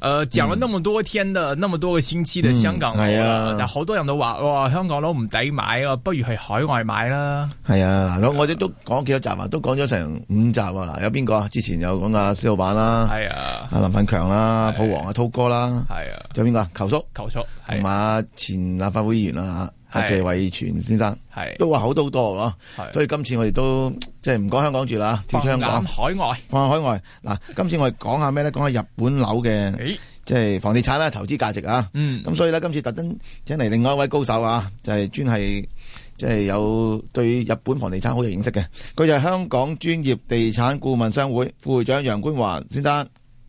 誒，講了那麼多天的那麼多個星期的香港，係啊，但好多人都話，哇，香港佬唔抵買，不如去海外買啦。係啊，嗱，我哋都講咗幾多集啊，都講咗成五集啊。嗱，有邊個啊？之前有講啊？施老闆啦，係啊，阿林奮強啦，普王啊，濤哥啦，係啊，仲有邊個啊？求叔，求叔，同埋前立法會議員啦吓。阿謝偉全先生，係是都話口都多咯。是所以今次我哋都即係唔講香港住啦，跳出香港，放眼海外，放眼海外。嗱，今次我哋講下咩咧？講下日本樓嘅，即、就、係、是、房地產啦，投資價值啊。咁、嗯、所以咧，今次特登請嚟另外一位高手啊，就係專係即係有對日本房地產好有認識嘅。佢就係香港專業地產顧問商會副會長楊官華先生。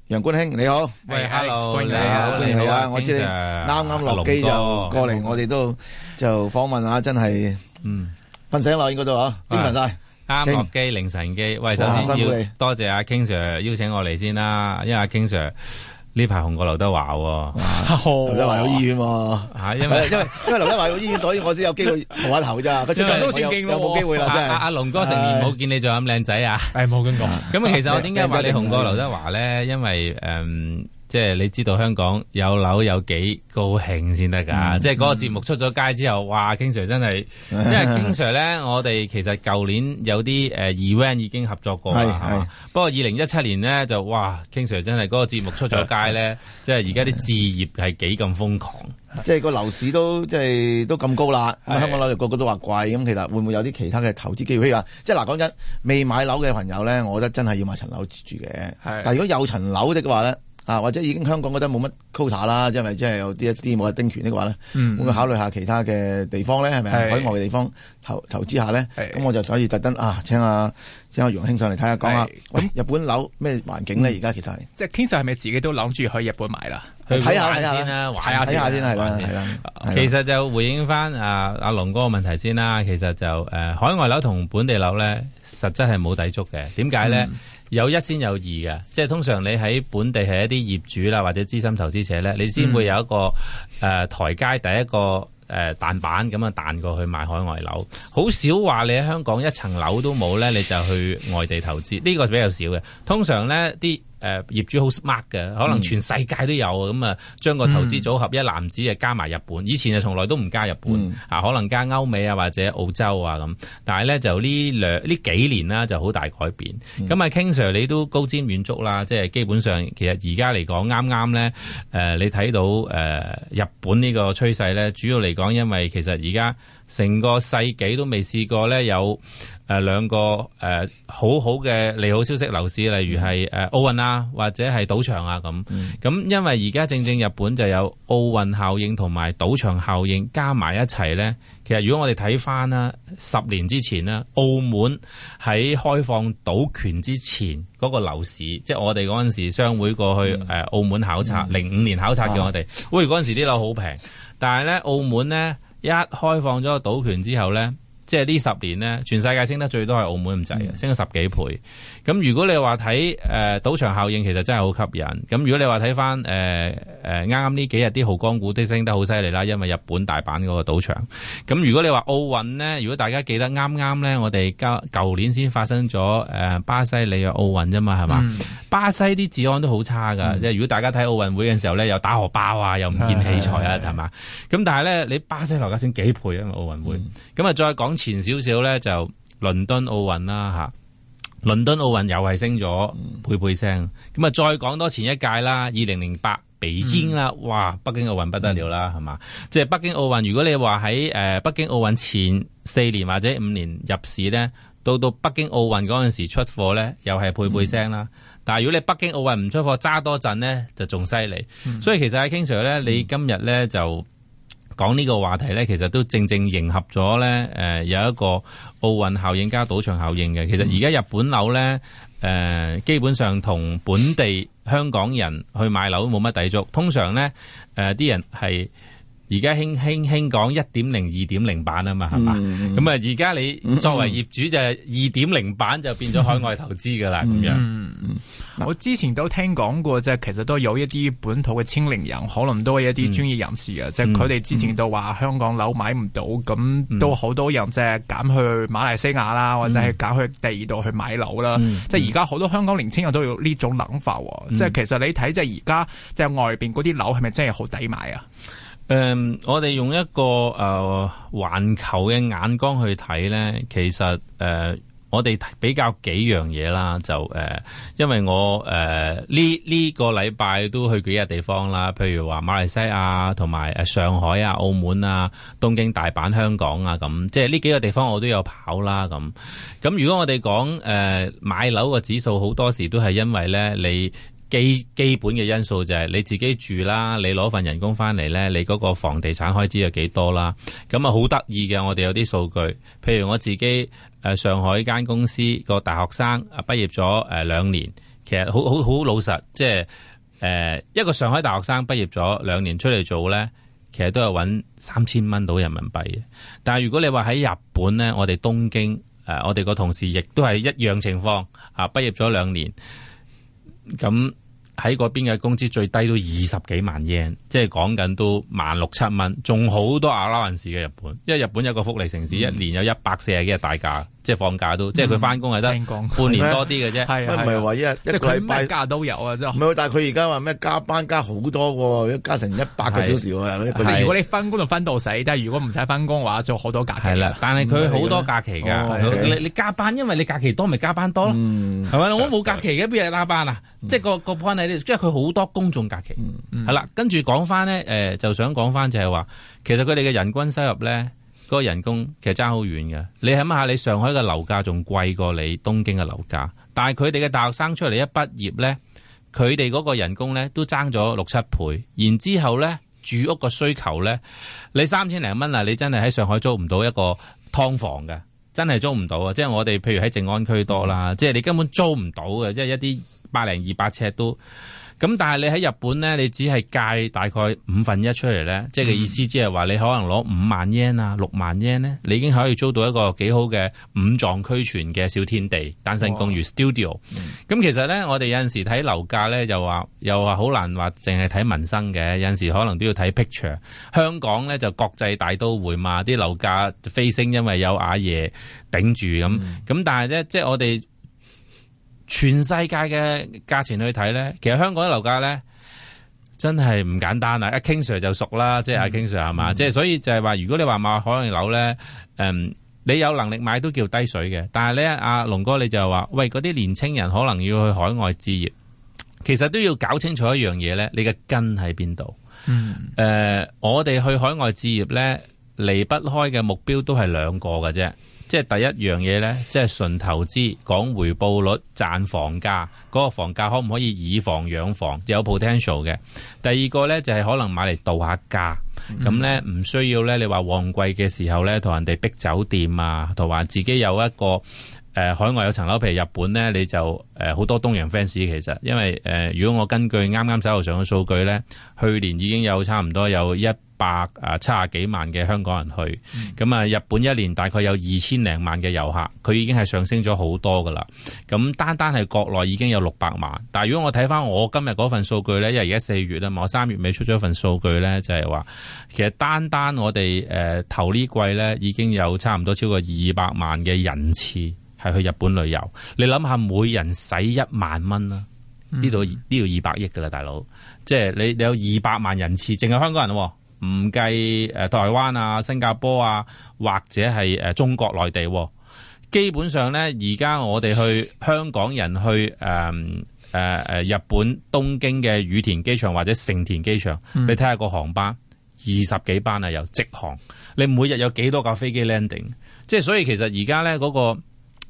楊官華你好，喂，hello，你好，係啊，我知你啱啱落機就過嚟，我哋都就訪問下，真係，嗯，瞓醒啦，應該都嗬，精神晒，啱落機凌晨機。喂，首先要多謝阿 King Sir 邀請我嚟先啦，因為阿 King Sir。呢排紅過劉德華喎，劉德華有醫院喎，因為因為因為劉德華有醫院，所以我先有機會紅一頭啫。最近都算勁喎，有冇機會啦？真係。阿阿龍哥成年冇見你仲咁靚仔啊！誒，冇咁講。咁其實我點解話你紅過劉德華咧？因為誒。即係你知道香港有樓有幾高興先得噶？嗯、即係嗰個節目出咗街之後，哇！King Sir 真係，因為 King Sir 咧， 我哋其實舊年有啲誒 event 已經合作過吧不過二零一七年呢，就哇，King Sir 真係嗰個節目出咗街咧，即係而家啲置業係幾咁瘋狂。即係個樓市都即係都咁高啦。香港樓又個個都話貴，咁其實會唔會有啲其他嘅投資機會？譬如話，即係嗱，講真，未買樓嘅朋友咧，我覺得真係要買層樓住住嘅。但係如果有層樓嘅話咧。啊，或者已經香港覺得冇乜 quota 啦，因為即係有啲一啲冇得丁權呢的話咧，會唔會考慮下其他嘅地方咧？係咪海外嘅地方投投資下咧？咁我就所以特登啊，請阿請阿楊兄上嚟睇下講下。咁日本樓咩環境咧？而家其實係即係其實係咪自己都諗住去日本買啦？去睇下先啦，睇下先啦，係啦，係啦。其實就回應翻阿阿龍哥個問題先啦。其實就誒海外樓同本地樓咧，實質係冇抵觸嘅。點解咧？有一先有二嘅，即係通常你喺本地係一啲業主啦，或者資深投資者呢，你先會有一個誒、呃、台階，第一個誒彈、呃、板咁樣彈過去買海外樓，好少話你喺香港一層樓都冇呢，你就去外地投資，呢、這個比較少嘅。通常呢啲。誒業主好 smart 嘅，可能全世界都有咁啊，將個、嗯、投資組合一籃子啊加埋日本，嗯、以前就從來都唔加日本啊，嗯、可能加歐美啊或者澳洲啊咁，但係咧就呢兩呢幾年啦就好大改變。咁啊、嗯、King Sir 你都高瞻遠矚啦，即係基本上其實而家嚟講啱啱咧誒，剛剛你睇到誒日本呢個趨勢咧，主要嚟講因為其實而家成個世紀都未試過咧有。誒兩個誒、呃、好好嘅利好消息，樓市例如係誒、呃、奧運啊，或者係賭場啊咁。咁、嗯、因為而家正正日本就有奧運效應同埋賭場效應加埋一齊呢，其實如果我哋睇翻啦，十年之前呢，澳門喺開放賭權之前嗰、那個樓市，即、就、係、是、我哋嗰陣時商會過去誒、嗯、澳門考察，零五、嗯、年考察嘅我哋，喂嗰陣時啲樓好平。但係呢澳門呢一開放咗個賭權之後呢。即係呢十年呢，全世界升得最多係澳門咁滯嘅，升咗十幾倍。咁如果你話睇誒賭場效應，其實真係好吸引。咁如果你話睇翻誒誒啱啱呢幾日啲濠江股都升得好犀利啦，因為日本大阪嗰個賭場。咁如果你話奧運呢，如果大家記得啱啱呢，剛剛我哋交舊年先發生咗誒巴西嚟嘅奧運啫嘛，係、呃、嘛？巴西啲、嗯、治安都好差㗎，嗯、即係如果大家睇奧運會嘅時候呢，又打荷包啊，又唔見器材啊，係嘛是？咁是但係呢，你巴西樓價升幾倍啊？奧運會咁啊、嗯，再講。再前少少咧，就倫敦奧運啦，吓，倫敦奧運又係升咗，倍倍聲。咁啊再講多前一屆啦，二零零八比尖啦，嗯、哇！北京奧運不得了啦，係嘛、嗯？即係、就是、北京奧運，如果你話喺誒北京奧運前四年或者五年入市咧，到到北京奧運嗰陣時出貨咧，又係倍倍聲啦。嗯、但係如果你北京奧運唔出貨，揸多陣咧，就仲犀利。嗯、所以其實阿 King Sir 咧，你今日咧就。講呢個話題呢，其實都正正迎合咗呢，誒、呃、有一個奧運效應加賭場效應嘅。其實而家日本樓呢，誒、呃、基本上同本地香港人去買樓都冇乜抵觸，通常呢誒啲、呃、人係。而家興興興講一點零二點零版啊嘛，係嘛？咁啊、嗯，而家你作為業主就係二點零版就變咗海外投資噶啦咁樣。我之前都聽講過，即係其實都有一啲本土嘅青年人，可能都係一啲專業人士啊，即係佢哋之前都話香港樓買唔到，咁、嗯、都好多人即係揀去馬來西亞啦，嗯、或者係揀去第二度去買樓啦。即係而家好多香港年輕人都有呢種諗法，即係、嗯、其實你睇即係而家即係外邊嗰啲樓係咪真係好抵買啊？誒，um, 我哋用一個誒環、呃、球嘅眼光去睇呢，其實誒、呃、我哋比較幾樣嘢啦，就誒、呃，因為我誒呢呢個禮拜都去幾個地方啦，譬如話馬來西亞同埋誒上海啊、澳門啊、東京、大阪、香港啊咁，即係呢幾個地方我都有跑啦咁。咁如果我哋講誒買樓個指數，好多時都係因為呢你。基基本嘅因素就係你自己住啦，你攞份人工翻嚟呢，你嗰個房地產開支有幾多啦？咁啊好得意嘅，我哋有啲數據，譬如我自己誒、呃、上海間公司個大學生啊畢業咗誒兩年，其實好好好老實，即係誒、呃、一個上海大學生畢業咗兩年出嚟做呢，其實都係揾三千蚊到人民幣嘅。但係如果你話喺日本呢，我哋東京誒、呃、我哋個同事亦都係一樣情況啊，畢業咗兩年。咁喺嗰邊嘅工資最低都二十幾萬日圓，即係講緊都萬六七蚊，仲好多亞拉人士嘅日本，因為日本有個福利城市，嗯、一年有一百四十幾日大假。即係放假都，即係佢翻工係得半年多啲嘅啫。咁咪話一一個佢班假都有啊？即係但係佢而家話咩加班加好多喎？加成一百個小時喎。如果你翻工就翻到死，但係如果唔使翻工嘅話，就好多假期。係啦，但係佢好多假期㗎。你加班，因為你假期多，咪加班多咯。係咪？我冇假期嘅，邊有加班啊？即係個個 p 即係佢好多公眾假期。係啦，跟住講翻呢，誒，就想講翻就係話，其實佢哋嘅人均收入咧。嗰個人工其實爭好遠嘅。你諗下，你上海嘅樓價仲貴過你東京嘅樓價，但係佢哋嘅大學生出嚟一畢業呢，佢哋嗰個人工呢都爭咗六七倍。然之後呢，住屋嘅需求呢，你三千零蚊啊，你真係喺上海租唔到一個劏房嘅，真係租唔到啊！即係我哋譬如喺靜安區多啦，即係你根本租唔到嘅，即係一啲百零二百尺都。咁但係你喺日本咧，你只係介大概五分一出嚟咧，即係、嗯、意思，即係話你可能攞五萬 yen 啊，六萬 yen 咧，你已經可以租到一個幾好嘅五臟俱全嘅小天地，單身公寓 studio。咁、哦嗯嗯、其實咧，我哋有陣時睇樓價咧，又話又話好難話淨係睇民生嘅，有陣時可能都要睇 picture。香港咧就國際大都會嘛，啲樓價飛升，因為有阿爺頂住咁。咁、嗯嗯、但係咧，即係我哋。全世界嘅價錢去睇咧，其實香港啲樓價咧真係唔簡單啊！阿 King Sir 就熟啦，嗯、即係 King Sir 係嘛，即係所以就係話，如果你話買海外樓咧，嗯，你有能力買都叫低水嘅。但係咧，阿龍哥你就話，喂，嗰啲年青人可能要去海外置業，其實都要搞清楚一樣嘢咧，你嘅根喺邊度？嗯，誒、呃，我哋去海外置業咧，離不開嘅目標都係兩個㗎啫。即係第一樣嘢呢，即係純投資講回報率賺房價，嗰、那個房價可唔可以以房養房有 potential 嘅。第二個呢，就係、是、可能買嚟度下假，咁呢，唔需要呢你話旺季嘅時候呢，同人哋逼酒店啊，同埋自己有一個。誒海外有層樓，譬如日本呢，你就誒好、呃、多東洋 fans 其實，因為誒、呃、如果我根據啱啱手頭上嘅數據呢，去年已經有差唔多有一百誒七十幾萬嘅香港人去咁啊。嗯、日本一年大概有二千零萬嘅遊客，佢已經係上升咗好多噶啦。咁單單係國內已經有六百萬，但係如果我睇翻我今日嗰份數據呢，因為而家四月啊嘛，我三月尾出咗一份數據呢，就係、是、話其實單單我哋誒、呃、頭呢季呢已經有差唔多超過二百萬嘅人次。去日本旅遊，你諗下每人使一萬蚊啦，呢度呢度二百億噶啦，大佬，即係你你有二百萬人次，淨係香港人，唔計誒台灣啊、新加坡啊，或者係誒中國內地，基本上咧，而家我哋去香港人去誒誒誒日本東京嘅羽田機場或者成田機場，嗯、你睇下個航班二十幾班啊，又直航，你每日有幾多架飛機 landing，即係所以其實而家咧嗰個。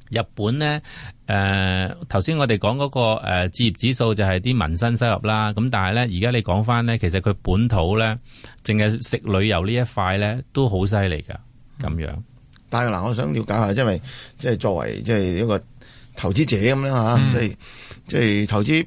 日本咧，誒頭先我哋講嗰個呃、置業指數就係啲民生收入啦，咁但係咧而家你講翻咧，其實佢本土咧，淨係食旅遊呢一塊咧都好犀利噶，咁樣。嗯、但係嗱、呃，我想了解下，因為即係作為即係一個投資者咁樣嚇，即係即係投資。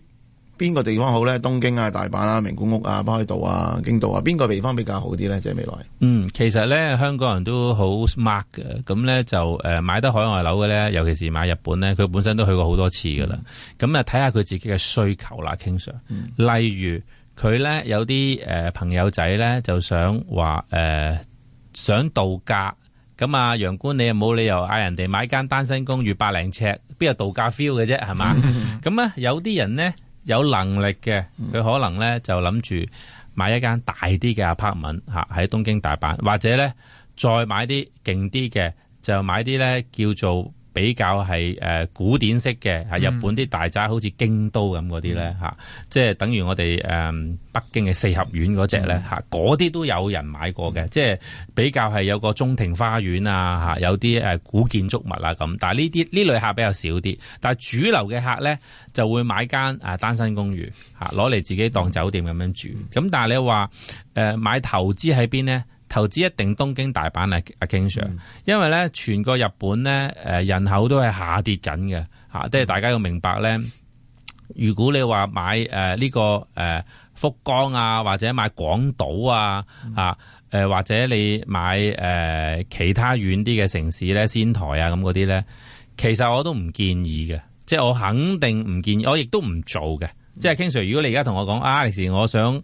邊個地方好咧？東京啊、大阪啦、啊、名古屋啊、北海道啊、京都啊，邊個地方比較好啲咧？即係未來。嗯，其實咧，香港人都好 smart 嘅，咁咧就誒、呃、買得海外樓嘅咧，尤其是買日本咧，佢本身都去過好多次噶啦。咁啊、嗯，睇下佢自己嘅需求啦，King Sir、嗯。例如佢咧有啲誒、呃、朋友仔咧就想話誒、呃、想度假，咁啊楊官，你又冇理由嗌人哋買間單身公寓百零尺，邊有度假 feel 嘅啫，係嘛？咁啊， 有啲人咧。有能力嘅，佢可能咧就諗住買一間大啲嘅 apartment 吓喺東京大阪，或者咧再買啲勁啲嘅，就買啲咧叫做。比較係誒古典式嘅，係日本啲大宅，好似京都咁嗰啲咧嚇，嗯、即係等於我哋誒北京嘅四合院嗰隻咧嚇，嗰啲、嗯、都有人買過嘅，即係比較係有個中庭花園啊嚇，有啲誒古建築物啊咁。但係呢啲呢類客比較少啲，但係主流嘅客咧就會買間啊單身公寓嚇，攞嚟自己當酒店咁樣住。咁但係你話誒買投資喺邊呢？投資一定東京大阪啊，King Sir，因為咧全個日本咧，誒人口都係下跌緊嘅，吓，即係大家要明白咧。如果你話買誒呢個誒福岡啊，或者買廣島啊，吓，誒或者你買誒其他遠啲嘅城市咧，仙台啊咁嗰啲咧，其實我都唔建議嘅，即係我肯定唔建議，我亦都唔做嘅。即係 King Sir，如果你而家同我講啊，Alex 我想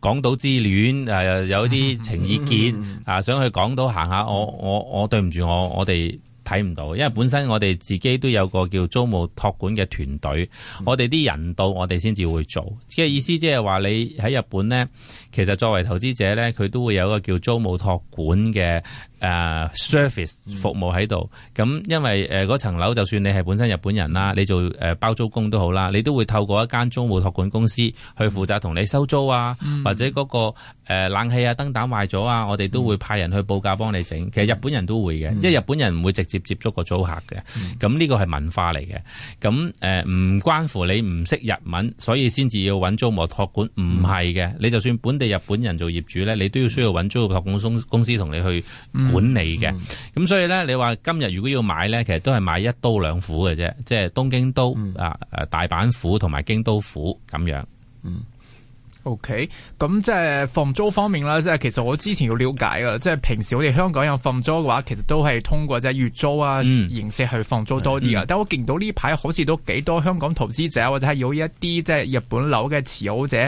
港島之戀啊、呃，有啲情意結啊、呃，想去港島行下。我我我對唔住，我我哋睇唔到，因為本身我哋自己都有個叫租務託管嘅團隊，我哋啲人到，我哋先至會做。即係意思，即係話你喺日本呢，其實作為投資者呢，佢都會有一個叫租務託管嘅。誒 service 服務喺度，咁、嗯、因為誒嗰、呃、層樓，就算你係本身日本人啦，你做誒、呃、包租公都好啦，你都會透過一間租務託管公司去負責同你收租啊，嗯、或者嗰、那個、呃、冷氣啊，燈膽壞咗啊，我哋都會派人去報價幫你整。其實日本人都會嘅，因為日本人唔會直接接觸個租客嘅，咁呢、嗯、個係文化嚟嘅。咁誒唔關乎你唔識日文，所以先至要揾租務託管，唔係嘅。你就算本地日本人做業主咧，你都要需要揾租務託管公司同你去.管理嘅，咁所以咧，你話今日如果要買咧，其實都係買一都兩府嘅啫，即係東京都啊、誒、嗯、大阪府同埋京都府咁樣。嗯。OK，咁即係房租方面啦，即係其實我之前要了解嘅，即係平時我哋香港有房租嘅話，其實都係通過即係月租啊、嗯、形式去房租多啲啊，嗯、但我見到呢排好似都幾多香港投資者或者係有一啲即係日本樓嘅持有者，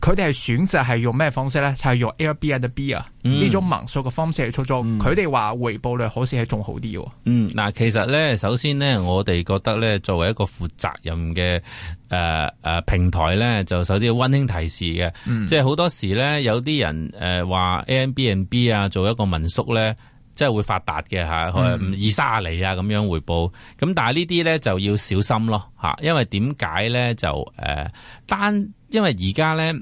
佢哋係選擇係用咩方式咧？就係、是、用 Airbnb 啊呢、嗯、種民宿嘅方式去出租。佢哋話回報率好似係仲好啲。嗯，嗱，其實咧，首先咧，我哋覺得咧，作為一個負責任嘅誒誒平台咧，就首先要溫馨提示。嘅，嗯、即係好多時咧，有啲人誒話 A M B N B 啊，做一個民宿咧，即係會發達嘅吓，二卅厘啊咁、嗯啊、樣回報。咁但係呢啲咧就要小心咯吓，因為點解咧就誒、呃、單，因為而家咧。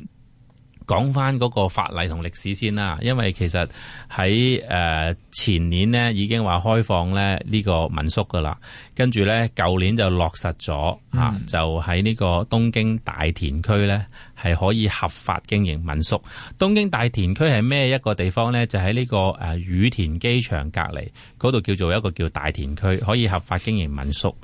講翻嗰個法例同歷史先啦，因為其實喺誒前年呢已經話開放呢呢個民宿㗎喇，跟住呢，舊年就落實咗、嗯、啊，就喺呢個東京大田區呢係可以合法經營民宿。東京大田區係咩一個地方呢？就喺呢個誒羽田機場隔離嗰度叫做一個叫大田區，可以合法經營民宿。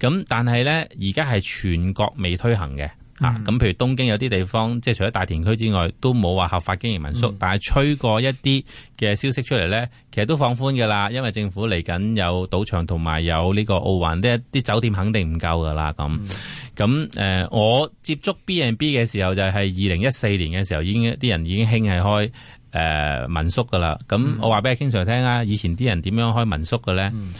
咁但係呢，而家係全國未推行嘅。吓咁，啊、譬如東京有啲地方，即係除咗大田區之外，都冇話合法經營民宿。嗯、但係吹過一啲嘅消息出嚟呢，其實都放寬噶啦。因為政府嚟緊有賭場同埋有呢個奧運，啲酒店肯定唔夠噶啦。咁咁誒，我接觸 B and B 嘅時候，就係二零一四年嘅時候，已經啲人已經興係開誒、呃、民宿噶啦。咁、嗯、我話俾你 King Sir 聽啊，以前啲人點樣開民宿嘅呢？嗯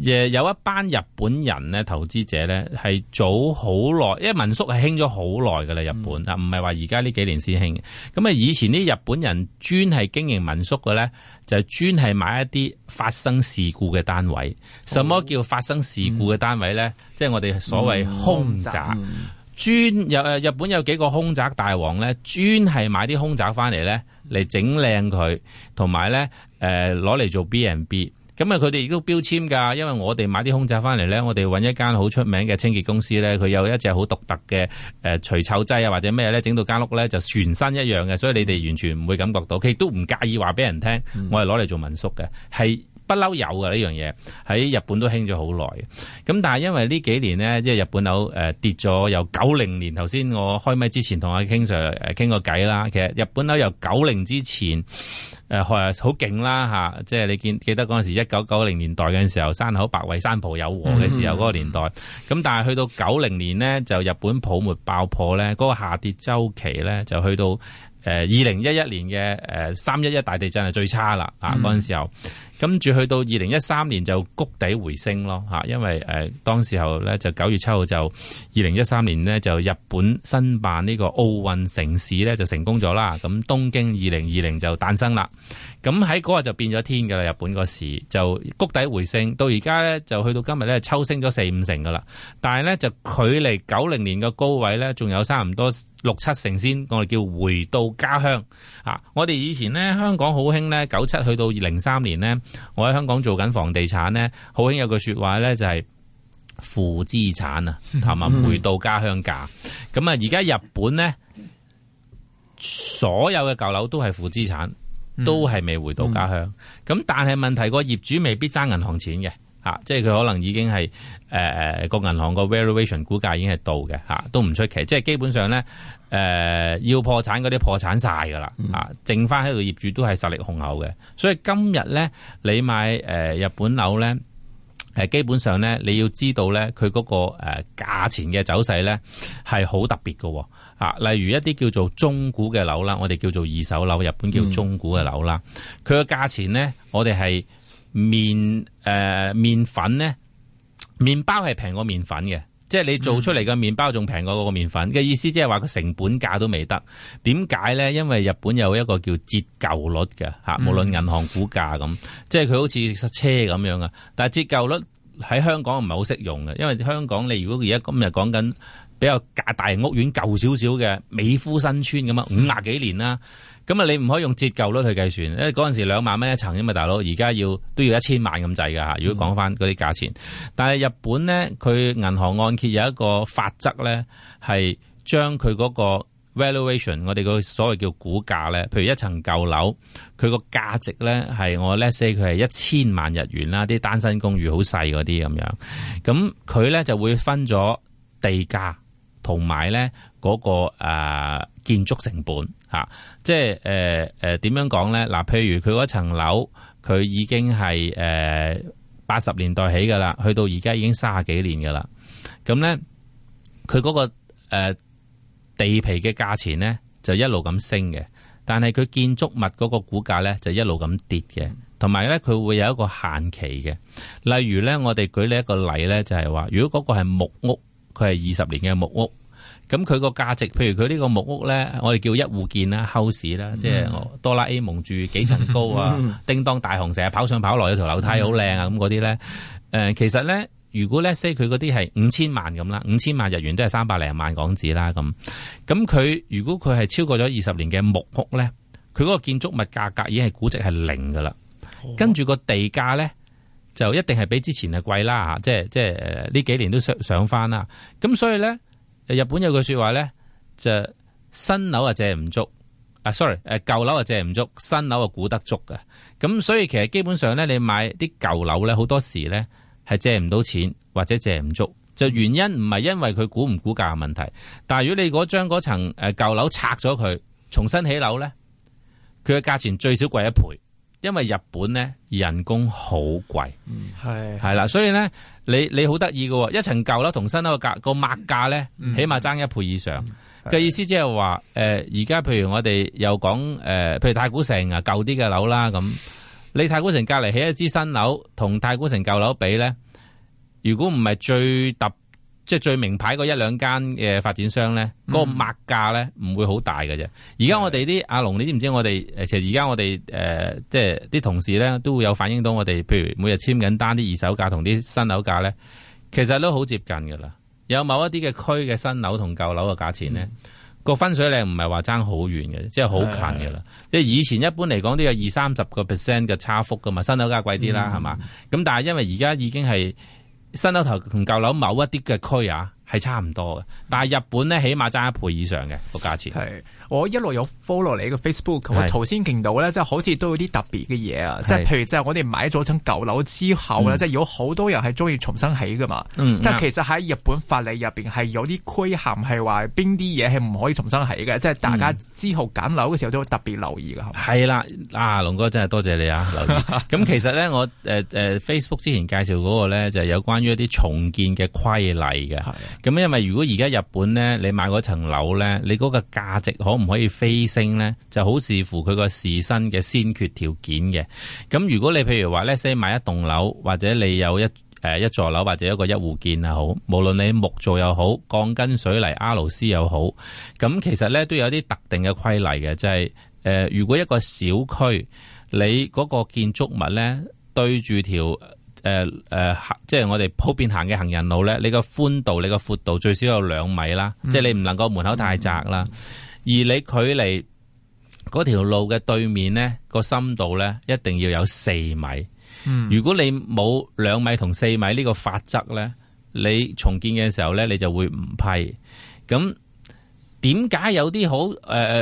誒有一班日本人咧，投資者咧係早好耐，因為民宿係興咗好耐㗎喇，日本啊唔係話而家呢幾年先興。咁啊，以前啲日本人專係經營民宿嘅咧，就專係買一啲發生事故嘅單位。什麼叫發生事故嘅單位咧？哦嗯、即係我哋所謂空宅。嗯嗯、專有誒日本有幾個空宅大王咧，專係買啲空宅返嚟咧嚟整靚佢，同埋咧誒攞嚟做 B and B。咁啊！佢哋亦都標籤㗎，因為我哋買啲空宅翻嚟咧，我哋揾一間好出名嘅清潔公司咧，佢有一隻好獨特嘅誒除臭劑啊，或者咩咧，整到間屋咧就全新一樣嘅，所以你哋完全唔會感覺到，佢亦都唔介意話俾人聽，我係攞嚟做民宿嘅，係。不嬲有嘅呢樣嘢喺日本都興咗好耐嘅，咁但係因為呢幾年呢，即係日本樓誒跌咗由九零年頭，先我開咪之前同阿 King Sir 傾過偈啦，其實日本樓由九零之前誒好勁啦吓，即係你見記得嗰陣時一九九零年代嘅時候，山口百惠三浦友和嘅時候嗰 個年代，咁但係去到九零年呢，就日本泡沫爆破呢，嗰、那個下跌周期呢，就去到誒二零一一年嘅誒三一一大地震係最差啦，嗱嗰陣時候。跟住去到二零一三年就谷底回升咯，吓，因為誒當時候咧，就九月七號就二零一三年咧，就日本申辦呢個奧運城市咧，就成功咗啦，咁東京二零二零就誕生啦。咁喺嗰日就變咗天嘅啦，日本個市就谷底回升，到而家咧就去到今日咧，抽升咗四五成嘅啦。但係咧就距離九零年嘅高位咧，仲有差唔多六七成先。我哋叫回到家鄉啊！我哋以前咧香港好興咧，九七去到二零三年咧，我喺香港做緊房地產咧，好興有句說話咧就係、是、負資產啊，同埋回到家鄉價。咁啊，而家日本咧所有嘅舊樓都係負資產。都係未回到家鄉，咁、嗯、但係問題個業主未必爭銀行錢嘅吓，即係佢可能已經係誒個銀行個 valuation 股價已經係到嘅吓，都唔出奇，即係基本上咧誒、呃、要破產嗰啲破產晒噶啦吓，嗯、剩翻喺度業主都係實力雄厚嘅，所以今日咧你買誒、呃、日本樓咧。誒，基本上咧，你要知道咧，佢嗰個誒價錢嘅走勢咧係好特別嘅啊！例如一啲叫做中古嘅樓啦，我哋叫做二手樓，日本叫中古嘅樓啦，佢嘅價錢咧，我哋係麵誒麵粉咧，麵包係平過麵粉嘅。即係你做出嚟嘅麵包仲平過嗰個麵粉嘅、嗯、意思，即係話個成本價都未得。點解呢？因為日本有一個叫折舊率嘅嚇，無論銀行股價咁，嗯、即係佢好似塞車咁樣啊。但係折舊率喺香港唔係好識用適用嘅，因為香港你如果而家今日講緊。比較架大屋苑舊少少嘅美孚新村咁啊，五十幾年啦，咁啊、嗯、你唔可以用折舊率去計算，因為嗰陣時兩萬蚊一層啫嘛，大佬而家要都要一千萬咁滯噶吓，如果講翻嗰啲價錢。但係日本咧，佢銀行按揭有一個法則咧，係將佢嗰個 valuation，我哋個所謂叫估價咧，譬如一層舊樓，佢個價值咧係我 let's say 佢係一千萬日元啦，啲單身公寓好細嗰啲咁樣，咁佢咧就會分咗地價。同埋咧嗰個、啊、建築成本嚇、啊，即係誒誒點樣講咧？嗱、啊，譬如佢嗰層樓，佢已經係誒八十年代起噶啦，去到而家已經卅幾年噶啦。咁咧，佢嗰、那個、呃、地皮嘅價錢咧就一路咁升嘅，但係佢建築物嗰個估價咧就一路咁跌嘅。同埋咧，佢會有一個限期嘅。例如咧，我哋舉呢一個例咧，就係、是、話，如果嗰個係木屋。佢係二十年嘅木屋，咁佢個價值，譬如佢呢個木屋咧，我哋叫一戶建啦、house 啦，即係多啦 A 夢住幾層高啊， 叮噹大雄成日跑上跑落嗰條樓梯好靚啊，咁嗰啲咧，誒、呃，其實咧，如果咧 say 佢嗰啲係五千萬咁啦，五千萬日元都係三百零萬港紙啦，咁，咁佢如果佢係超過咗二十年嘅木屋咧，佢嗰個建築物價格已經係估值係零噶啦，哦、跟住個地價咧。就一定係比之前係貴啦，吓，即係即係誒呢幾年都上上翻啦。咁所以咧，日本有句說話咧，就新樓啊借唔足，啊 sorry，誒舊樓啊借唔足，新樓啊估得足㗎。咁所以其實基本上咧，你買啲舊樓咧，好多時咧係借唔到錢或者借唔足。就原因唔係因為佢估唔估價嘅問題，但係如果你嗰張嗰層誒舊樓拆咗佢，重新起樓咧，佢嘅價錢最少貴一倍。因為日本咧人工好貴，係係啦，的的所以咧你你好得意嘅，一層舊樓同新樓個價個賣價咧，起碼爭一倍以上。嘅、嗯、意思即係話，誒而家譬如我哋又講，誒、呃、譬如太古城啊，舊啲嘅樓啦咁，你太古城隔籬起一支新樓，同太古城舊樓比咧，如果唔係最特別。即係最名牌嗰一兩間嘅發展商咧，嗰、嗯、個物價咧唔會好大嘅啫。而家我哋啲是的 阿龍，你知唔知我哋？其實而家我哋誒、呃，即係啲同事咧都會有反映到我哋，譬如每日簽緊單啲二手價同啲新樓價咧，其實都好接近噶啦。有某一啲嘅區嘅新樓同舊樓嘅價錢咧，個、嗯、分水嶺唔係話爭好遠嘅，即係好近噶啦。即係是的 以前一般嚟講都有二三十個 percent 嘅差幅噶嘛，新樓價貴啲啦，係嘛、嗯。咁吧但係因為而家已經係。新樓同舊樓某一啲嘅區啊，係差唔多嘅。但係日本咧，起碼爭一倍以上嘅個價錢。係。我一路有 follow 你個 Facebook，我頭先見到咧，即係是好似都有啲特別嘅嘢啊！即係是譬如，即係我哋買咗層舊樓之後咧，嗯、即係有好多人係中意重新起噶嘛。即係、嗯、其實喺日本法例入邊係有啲規限，係話邊啲嘢係唔可以重新起嘅。即係大家之後揀樓嘅時候都特別留意噶。係啦，啊龍哥真係多謝、謝你啊！留意咁 其實咧，我誒誒、呃呃、Facebook 之前介紹嗰個咧，就係、有關於一啲重建嘅規例嘅。咁的因為如果而家日本咧，你買嗰層樓咧，你嗰個價值可？唔可以飛昇呢，就好視乎佢個事身嘅先決條件嘅。咁如果你譬如話呢，先買一棟樓，或者你有一誒一座樓或者一個一戶建又好，無論你木造又好，鋼筋水泥阿勞斯又好，咁其實呢都有啲特定嘅規例嘅，就係、是、誒、呃、如果一個小區你嗰個建築物呢，對住條誒誒即係我哋鋪邊行嘅行人路呢，你個寬度你個闊度，度最少有兩米啦，嗯、即係你唔能夠門口太窄啦。嗯而你距離嗰條路嘅對面咧，個深度咧一定要有四米。嗯，如果你冇兩米同四米呢個法則咧，你重建嘅時候咧，你就會唔批。咁點解有啲好誒？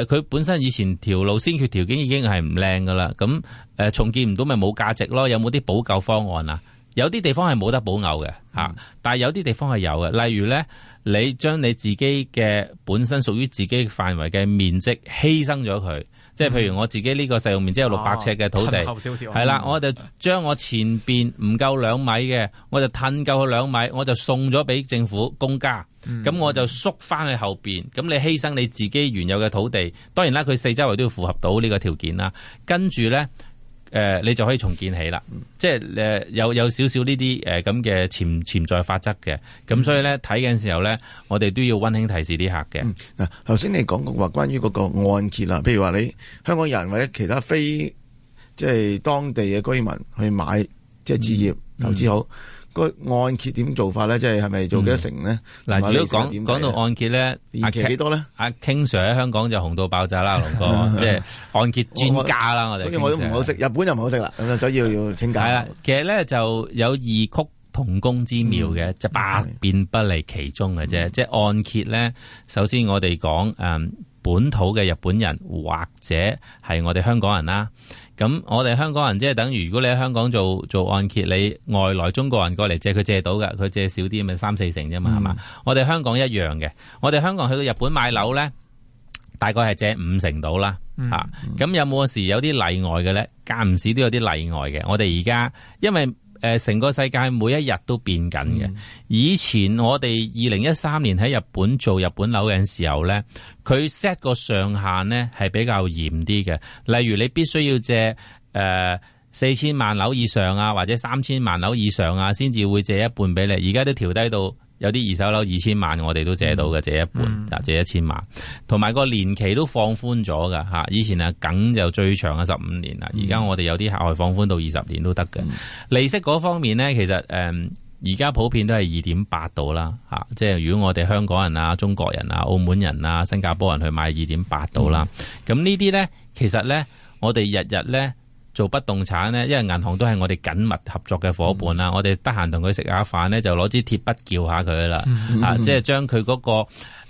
佢、呃、本身以前條路先決條件已經係唔靚噶啦。咁誒、呃，重建唔到咪冇價值咯，有冇啲補救方案啊？有啲地方係冇得保偶嘅，嚇、啊！但係有啲地方係有嘅，例如呢，你將你自己嘅本身屬於自己範圍嘅面積犧牲咗佢，即係譬如我自己呢個使用面積有六百尺嘅土地，係啦、啊，我就將我前邊唔夠兩米嘅，我就褪夠佢兩米，我就送咗俾政府公家，咁、嗯、我就縮翻去後邊，咁你犧牲你自己原有嘅土地，當然啦，佢四周圍都要符合到呢個條件啦，跟住呢。誒、呃，你就可以重建起啦，即係誒、呃、有有少少呢啲誒咁嘅潛潛在法則嘅，咁所以咧睇嘅時候咧，我哋都要温馨提示啲客嘅。嗱、嗯，頭先你講過話關於嗰個按揭啦，譬如話你香港人或者其他非即係當地嘅居民去買即係置業投資好。嗯嗯個按揭點做法咧，即係係咪做幾多成呢？嗱，如果講講到按揭咧，年期幾多咧？阿 King Sir 喺香港就紅到爆炸啦，龍哥，即係按揭專家啦，我哋。我都唔好食，日本就唔好食啦，咁所以要傾價。係啦，其實咧就有異曲同工之妙嘅，就百變不離其宗嘅啫。即係按揭咧，首先我哋講誒，本土嘅日本人或者係我哋香港人啦。咁我哋香港人即係等，如果你喺香港做做按揭，你外來中國人過嚟借佢借到嘅，佢借少啲咪、就是、三四成啫嘛，係嘛？Mm. 我哋香港一樣嘅，我哋香港去到日本買樓咧，大概係借五成到啦，吓。咁、mm. 有冇時有啲例外嘅咧？間唔時都有啲例外嘅。我哋而家因為。誒，成個世界每一日都變緊嘅。以前我哋二零一三年喺日本做日本樓嘅時候呢，佢 set 個上限呢係比較嚴啲嘅。例如你必須要借誒四千萬樓以上啊，或者三千萬樓以上啊，先至會借一半俾你。而家都調低到。有啲二手樓二千萬，我哋都借到嘅，嗯、借一半或者一千萬，同埋、嗯、個年期都放寬咗噶吓。以前啊，梗就最長嘅十五年啦，而家、嗯、我哋有啲額外放寬到二十年都得嘅。嗯、利息嗰方面呢，其實誒，而、嗯、家普遍都係二點八度啦吓、啊，即係如果我哋香港人啊、中國人啊、澳門人啊、新加坡人去買二點八度啦。咁呢啲呢，其實呢，我哋日，日日呢。做不動產咧，因為銀行都係我哋緊密合作嘅伙伴啦。嗯、我哋得閒同佢食下飯咧，就攞支鐵筆撬下佢啦，吓即係將佢嗰個誒、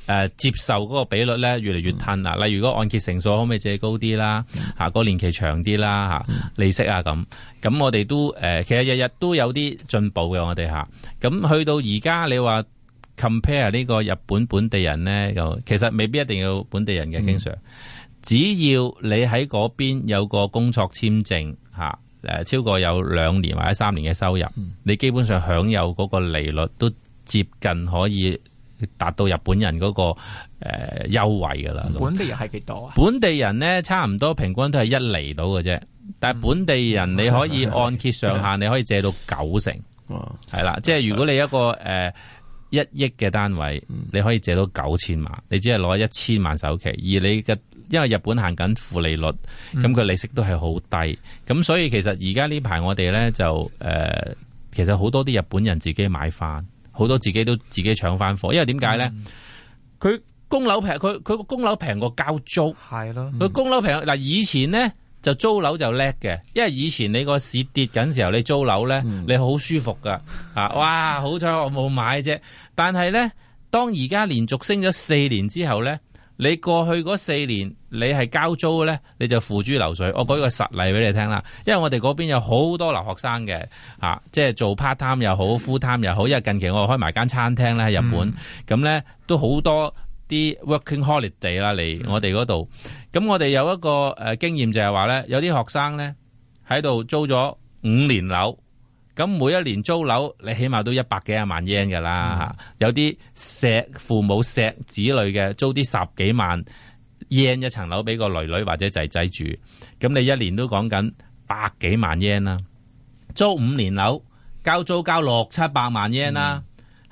呃、接受嗰個比率咧越嚟越吞啊。嗯、例如果按揭成數可唔可以借高啲啦？吓、啊，年期長啲啦，吓、啊、利息啊咁。咁我哋都誒、呃，其實日日都有啲進步嘅。我哋吓咁去到而家，你話 compare 呢個日本本地人咧，又其實未必一定要本地人嘅，經常、嗯。只要你喺嗰邊有個工作簽證吓，誒、啊、超過有兩年或者三年嘅收入，嗯、你基本上享有嗰個利率都接近可以達到日本人嗰、嗰個誒、呃、優惠噶啦。本地人係幾多啊？本地人咧差唔多，平均都係一厘到嘅啫，但係本地人你可以按揭上限，你可以借到九成。哦，係啦，即係如果你一個誒一億嘅單位，嗯、你可以借到九千萬，你只係攞一千萬首期，而你嘅因為日本行緊負利率，咁佢、嗯、利息都係好低，咁、嗯、所以其實而家呢排我哋咧就誒、呃，其實好多啲日本人自己買翻，好多自己都自己搶翻貨。因為點解咧？佢供、嗯、樓平，佢佢個供樓平過交租，係咯。佢、嗯、供樓平嗱，以前咧就租樓就叻嘅，因為以前你個市跌緊時候，你租樓咧、嗯、你好舒服噶，啊！哇！好彩我冇買啫。但係咧，當而家連續升咗四年之後咧。你過去嗰四年，你係交租呢，你就付諸流水。我舉個實例俾你聽啦，嗯、因為我哋嗰邊有好多留學生嘅嚇、啊，即係做 part time 又好，full time 又好。因為近期我開埋間餐廳呢，喺日本，咁、嗯、呢，都好多啲 working holiday 啦嚟我哋嗰度。咁、嗯、我哋有一個誒經驗就係話呢，有啲學生呢，喺度租咗五年樓。咁每一年租樓，你起碼都一百幾廿萬 yen 噶啦，嗯、有啲錫父母錫子女嘅租啲十幾萬 yen 一層樓俾個女女或者仔仔住，咁你一年都講緊百幾萬 yen 啦。租五年樓，交租交六七百萬 yen 啦，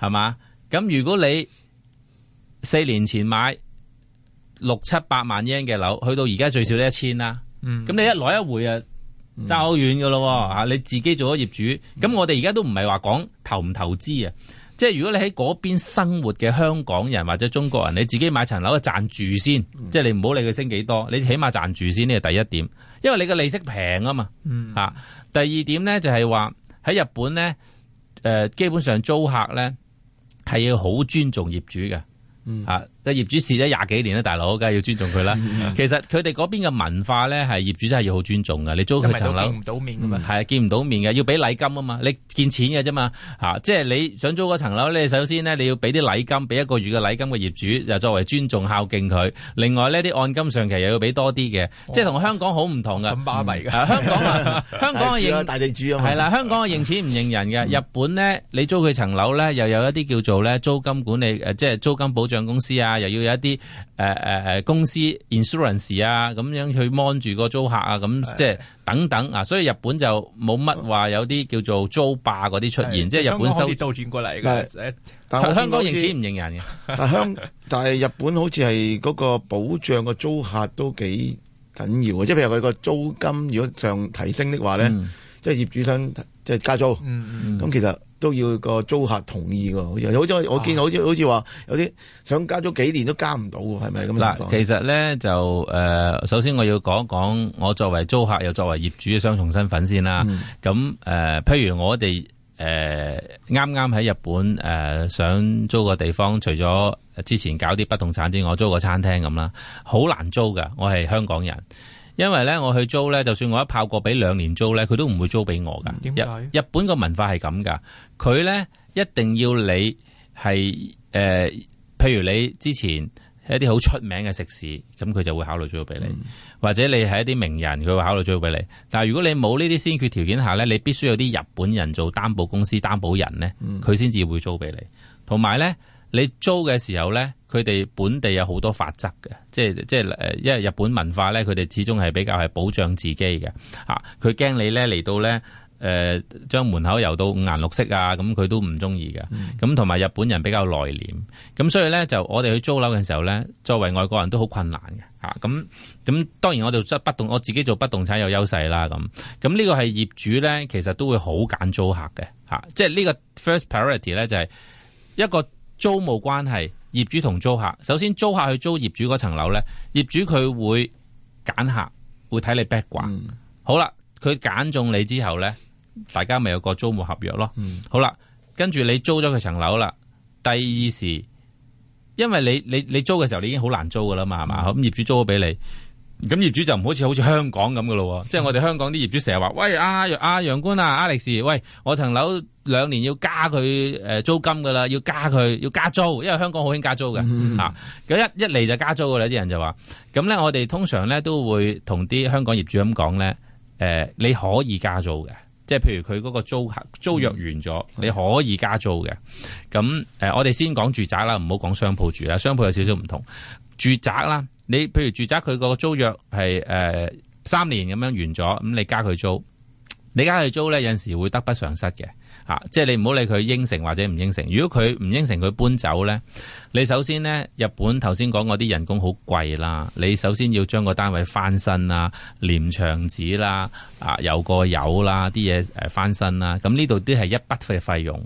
係嘛、嗯？咁如果你四年前買六七百萬 yen 嘅樓，去到而家最少都一千啦，咁、嗯、你一來一回啊。差好遠噶咯吓，嗯、你自己做咗業主，咁、嗯、我哋而家都唔係話講投唔投資啊。即係如果你喺嗰邊生活嘅香港人或者中國人，你自己買層樓啊，賺住先，即係、嗯、你唔好理佢升幾多，你起碼賺住先呢。係第一點，因為你個利息平、嗯、啊嘛吓。第二點咧就係話喺日本咧，誒、呃，基本上租客咧係要好尊重業主嘅吓。啊嗯嘅業主住咗廿幾年啦，大佬梗係要尊重佢啦。 其實佢哋嗰邊嘅文化咧，係業主真係要好尊重噶。你租佢層樓， 見唔到面噶嘛？係啊，見唔到面嘅，要俾禮金啊嘛。你見錢嘅啫嘛，嚇、啊，即係你想租嗰層樓咧，你首先呢，你要俾啲禮金，俾一個月嘅禮金嘅業主，就作為尊重孝敬佢。另外呢啲按金上期又要俾多啲嘅，即係同香港好唔同噶。咁霸迷嘅，香港啊，香港啊，認大地主啊，係啦，香港啊，認錢唔認人嘅。 日本呢，你租佢層樓咧，又有一啲叫做咧租金管理，即係租金保障公司啊。又要有一啲誒誒誒公司 insurance 啊咁樣去 mon 住個租客啊咁，即係等等啊，所以日本就冇乜話有啲叫做租霸嗰啲出現，的即係日本收。香港倒轉過嚟但，但，但香港認錢唔認人嘅。 但香但係日本好似係嗰個保障個租客都幾緊要，即係譬如佢個租金如果上提升的話咧，即係、嗯、業主想即係、就是、加租。咁、嗯嗯、其實。都要個租客同意㗎，好似好似我見好似好似話有啲想加咗幾年都加唔到喎，係咪咁？嗱，其實咧就誒、呃，首先我要講一講我作為租客又作為業主嘅雙重身份先啦。咁誒、嗯呃，譬如我哋誒啱啱喺日本誒、呃、想租個地方，除咗之前搞啲不動產之外，我租個餐廳咁啦，好難租噶。我係香港人。因為咧，我去租咧，就算我一炮過俾兩年租咧，佢都唔會租俾我噶。點解？日本個文化係咁噶，佢咧一定要你係誒，譬如你之前一啲好出名嘅食肆，咁佢就會考慮租俾你；嗯、或者你係一啲名人，佢會考慮租俾你。但係如果你冇呢啲先決條件下咧，你必須有啲日本人做擔保公司擔保人咧，佢先至會租俾你。同埋咧。你租嘅時候呢，佢哋本地有好多法則嘅，即係即係，因為日本文化呢，佢哋始終係比較係保障自己嘅，吓、啊，佢驚你呢嚟到呢，誒、呃，將門口油到五顏六色啊，咁、嗯、佢都唔中意嘅，咁同埋日本人比較內斂，咁所以呢，就我哋去租樓嘅時候呢，作為外國人都好困難嘅，吓、啊，咁、嗯、咁、嗯，當然我哋做不不動，我自己做不動產有優勢啦，咁、啊，咁呢個係業主呢，其實都會好揀租客嘅，吓、啊，即係呢個 first priority 呢，就係、是、一個。租務關係，業主同租客，首先租客去租業主嗰層樓咧，業主佢會揀客，會睇你 background、er, 嗯，好啦，佢揀中你之後咧，大家咪有個租務合約咯，嗯、好啦，跟住你租咗佢層樓啦，第二時，因為你你你租嘅時候你已經好難租噶啦嘛，係嘛，咁業主租咗俾你。咁業主就唔好似好似香港咁噶咯。嗯、即係我哋香港啲業主成日話，嗯、喂阿阿楊官啊，Alex，喂，我層樓兩年要加佢誒租金噶啦，要加佢要加租，因為香港好興加租嘅、嗯、啊，咁一一嚟就加租噶啦，啲人就話，咁咧我哋通常咧都會同啲香港業主咁講咧，誒、呃，你可以加租嘅，即係譬如佢嗰個租客租約完咗，嗯、你可以加租嘅，咁誒、呃，我哋先講住宅啦，唔好講商鋪住啦，商鋪有少少唔同，住宅啦。你譬如住宅佢個租約係誒、呃、三年咁樣完咗，咁你加佢租，你加佢租呢，有陣時會得不償失嘅，吓、啊，即係你唔好理佢應承或者唔應承。如果佢唔應承佢搬走呢，你首先呢，日本頭先講嗰啲人工好貴啦，你首先要將個單位翻新啊、粘牆紙啦、啊油個油啦啲嘢誒翻新啦，咁呢度都係一筆嘅費用。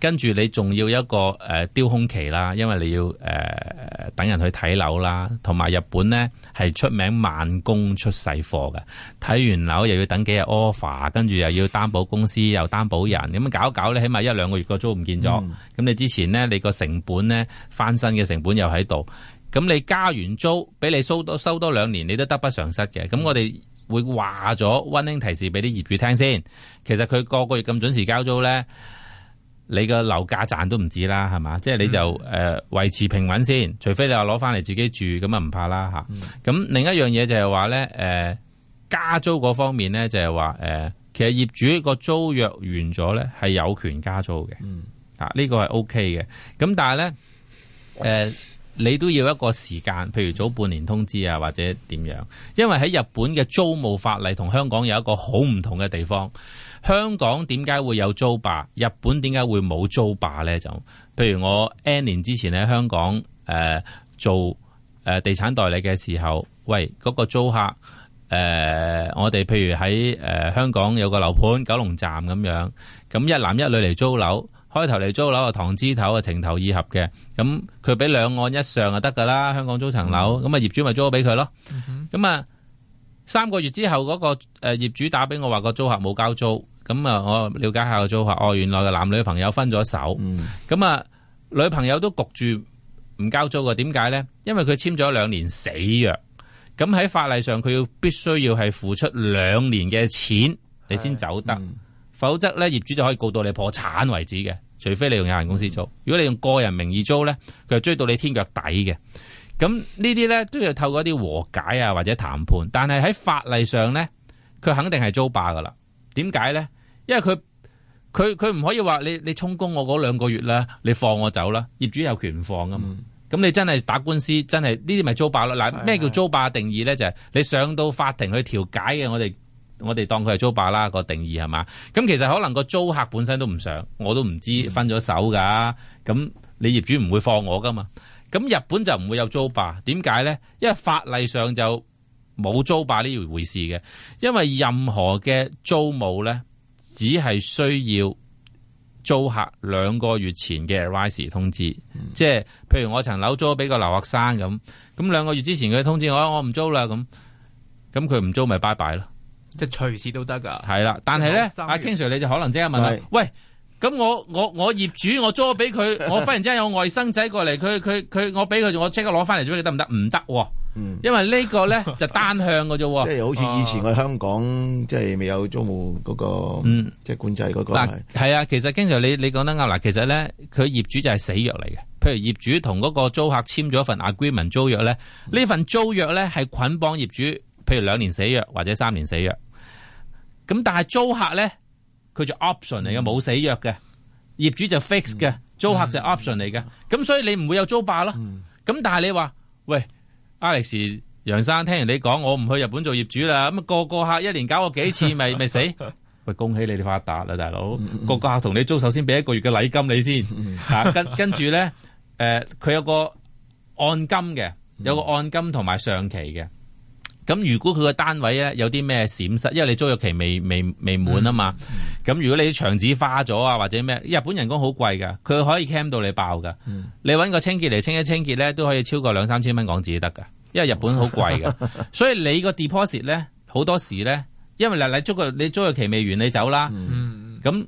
跟住你仲要一個誒丟、呃、空期啦，因為你要誒、呃、等人去睇樓啦，同埋日本呢係出名慢工出細貨嘅，睇完樓又要等幾日 offer，跟住又要擔保公司又擔保人，咁搞搞呢，起碼一兩個月個租唔見咗，咁、嗯、你之前呢，你個成本呢，翻新嘅成本又喺度，咁你加完租俾你收多收多兩年，你都得不償失嘅。咁、嗯、我哋會話咗溫馨提示俾啲業主聽先，其實佢個個月咁準時交租呢。你個樓價賺都唔止啦，係嘛？即係你就誒、呃、維持平穩先，除非你話攞翻嚟自己住，咁啊唔怕啦嚇。咁、嗯、另一樣嘢就係話咧，誒、呃、加租嗰方面咧，就係話誒其實業主個租約完咗咧係有權加租嘅，嗯、啊、呢個 OK、呢個係 OK 嘅。咁但係咧誒你都要一個時間，譬如早半年通知啊，或者點樣，因為喺日本嘅租務法例同香港有一個好唔同嘅地方。香港點解會有租霸？日本點解會冇租霸呢？就譬如我 N 年之前喺香港誒、呃、做誒地產代理嘅時候，喂嗰、嗰個租客誒、呃，我哋譬如喺誒香港有個樓盤九龍站咁樣，咁一男一女嚟租樓，開頭嚟租樓啊，糖枝頭啊，情投意合嘅，咁佢俾兩岸一上就得噶啦香港租層樓，咁啊業主咪租咗俾佢咯，咁啊、嗯、哼三個月之後嗰、嗰個誒業主打俾我話、個租客冇交租。咁啊，我了解下個租客，哦，原來嘅男女朋友分咗手，咁啊、嗯，女朋友都焗住唔交租噶，點解呢？因為佢簽咗兩年死約，咁喺法例上佢要必須要係付出兩年嘅錢你，你先走得，否則呢，業主就可以告到你破產為止嘅，除非你用有限公司租，如果你用個人名義租呢，佢係追到你天腳底嘅，咁呢啲呢，都要透過一啲和解啊或者談判，但係喺法例上呢，佢肯定係租霸噶啦，點解呢？因為佢佢佢唔可以話你你充公我嗰兩個月啦，你放我走啦。業主有權唔放噶嘛？咁、嗯、你真係打官司，真係呢啲咪租霸咯？嗱，咩叫租霸定義咧？就係、是、你上到法庭去調解嘅，我哋我哋當佢係租霸啦、那個定義係嘛？咁其實可能個租客本身都唔想，我都唔知、嗯、分咗手噶。咁你業主唔會放我噶嘛？咁日本就唔會有租霸？點解咧？因為法例上就冇租霸呢回事嘅，因為任何嘅租務咧。只係需要租客兩個月前嘅 rise 通知，即係、嗯、譬如我層樓租咗俾個留學生咁，咁兩個月之前佢通知我，我唔租啦咁，咁佢唔租咪拜拜咯，即係隨時都得噶。係啦，但係咧，阿 King Sir 你就可能即刻問啦，是喂，咁我我我業主我租咗俾佢，我忽然之間有外甥仔過嚟，佢佢佢我俾佢我即刻攞翻嚟，俾你得唔得？唔得喎。因為呢個咧就單向嘅啫，即係好似以前我喺香港即係未有租戶嗰個，即係管制嗰個。但係啊，其實經常你你講得啱。嗱，其實咧佢業主就係死約嚟嘅。譬如業主同嗰個租客簽咗一份 agreement 租約咧，呢份租約咧係捆綁業主，譬如兩年死約或者三年死約。咁但係租客咧，佢就 option 嚟嘅，冇死約嘅業主就 fix 嘅，租客就 option 嚟嘅。咁所以你唔會有租霸咯。咁但係你話喂？Alex 楊生聽完你講，我唔去日本做業主啦。咁個個客一年搞我幾次，咪咪死。 喂，恭喜你哋發達啦，大佬。個、嗯嗯、個客同你租，首先俾一個月嘅禮金你先。吓、嗯啊，跟跟住咧，誒、呃，佢有個按金嘅，有個按金同埋上期嘅。咁如果佢個單位咧有啲咩閃失，因為你租約期未未未滿啊嘛，咁、嗯、如果你啲牆紙花咗啊或者咩，日本人工好貴嘅，佢可以 cam 到你爆嘅，嗯、你揾個清潔嚟清一清潔咧都可以超過兩三千蚊港紙得噶，因為日本好貴嘅，嗯、所以你個 deposit 咧好 多時咧，因為嚟嚟租個你租約期未完你走啦，咁、嗯嗯、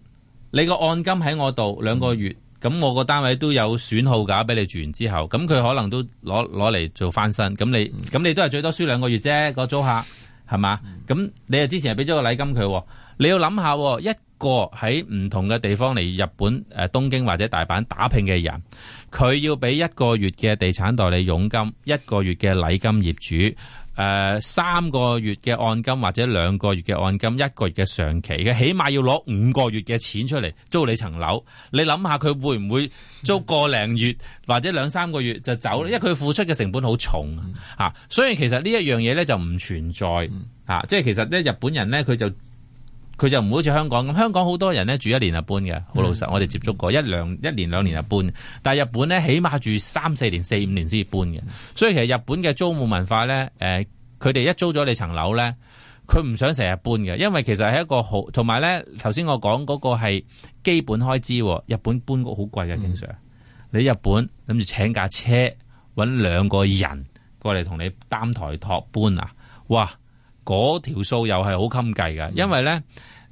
你個按金喺我度兩個月。咁我個單位都有損耗噶，俾你住完之後，咁佢可能都攞攞嚟做翻身。咁你咁、嗯、你都係最多輸兩個月啫，個租客係嘛？咁、嗯、你啊之前係俾咗個禮金佢，你要諗下一個喺唔同嘅地方嚟日本誒、呃、東京或者大阪打拼嘅人。佢要俾一個月嘅地產代理佣金，一個月嘅禮金業主，誒、呃、三個月嘅按金或者兩個月嘅按金，一個月嘅上期嘅，起碼要攞五個月嘅錢出嚟租你層樓。你諗下，佢會唔會租個零月、嗯、或者兩三個月就走？因為佢付出嘅成本好重、嗯、啊，所以其實呢一樣嘢呢，就唔存在啊，即係其實咧日本人呢，佢就。佢就唔會好似香港咁，香港好多人咧住一年就搬嘅，好老實。我哋接觸過一兩一年兩年就搬，但係日本咧起碼住三四年、四五年先至搬嘅。所以其實日本嘅租務文化咧，誒、呃，佢哋一租咗你層樓咧，佢唔想成日搬嘅，因為其實係一個好同埋咧。頭先我講嗰個係基本開支，日本搬屋好貴嘅，經常、嗯、你日本諗住請架車搵兩個人過嚟同你擔抬托搬啊，哇！嗰條數又係好襟計噶，因為咧，誒、